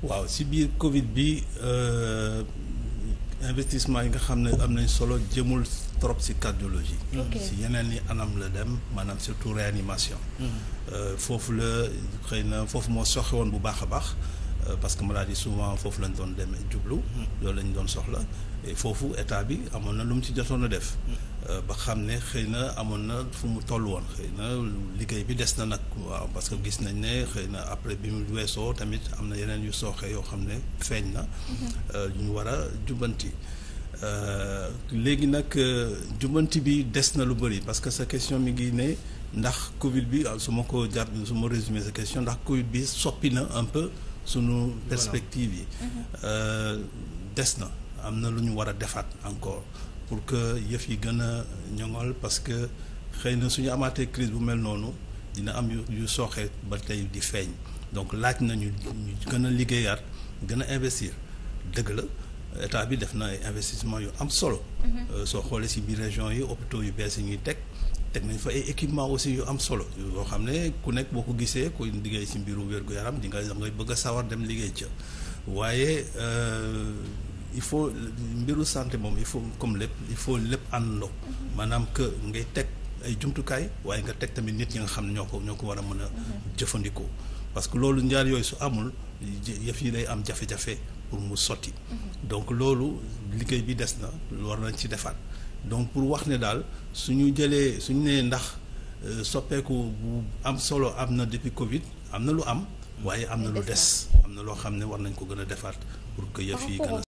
waaw si biir Covid bi euh, investissement yi nga xam ne am nañ solo jëmul trop si cardiologie. si yeneen i anam la dem maanaam surtout réanimation. Mm-hmm. Euh, foofu la xëy na foofu moo soxewoon bu baax a baax. Euh, parce que maladie souvent foofu lañ doon demee jublu. Mm. loolu lañ doon soxla foofu état bi amoon na lu mu ci jotoon a def. Mm. Euh, ba xam ne xëy na amoon na fu mu toll woon xëy na liggéey bi des na nag waaw parce que gis nañ ne xëy na après bi mu weesoo tamit am na yeneen yu sooxe yoo xam ne feeñ na. Mm-hmm. Euh, ñu war a jubbanti. léegi nag jubbanti bi des na lu bëri parce que sa question mi ngi ne ndax Covid bi ah, su ma ko jàpp su ma résumé sa question ndax Covid bi soppi na un sunu perspective yi euh, des na am na lu ñu war a defaat encore pour que yëf yi gën a ñoŋol parce que xëy na suñu amaatee crise bu mel noonu dina am yu yu sooxee ba tey di feeñ donc laaj nañu ñu gën a liggéeyaat gën a investir dëgg la état bi def na ay investissement yu am solo mm-hmm. euh, soo xoolee ci biir région yi hôpitaux yu bees yi ñuy teg teg nañ fa ay équipement aussi yu am solo yoo xam ne ku nekk boo ko gisee koy liggéey ci mbiru wér-gu-yaram di nga da ngay bëgg a sawar dem liggéey ca waaye euh, il faut mbiru santé moom il faut comme lépp il faut lépp àndandoo mhm. maanaam que ngay teg ay jumtukaay waaye nga teg tamit nit ñi nga xam ne ñoo ko ñoo ko war a mën a mhm. jëfandikoo parce que loolu njaar yooyu su amul yëf yi day am jafe-jafe pour mu sotti. donc loolu liggéey bi des na war nañ ci defaat donc pour wax ne daal suñu jëlee suñu nee ndax euh, soppeeku bu am solo am na depuis Covid am na lu am. waaye am na lu des am na loo xam ne war nañ ko gën a defaat pour que yëf yi gën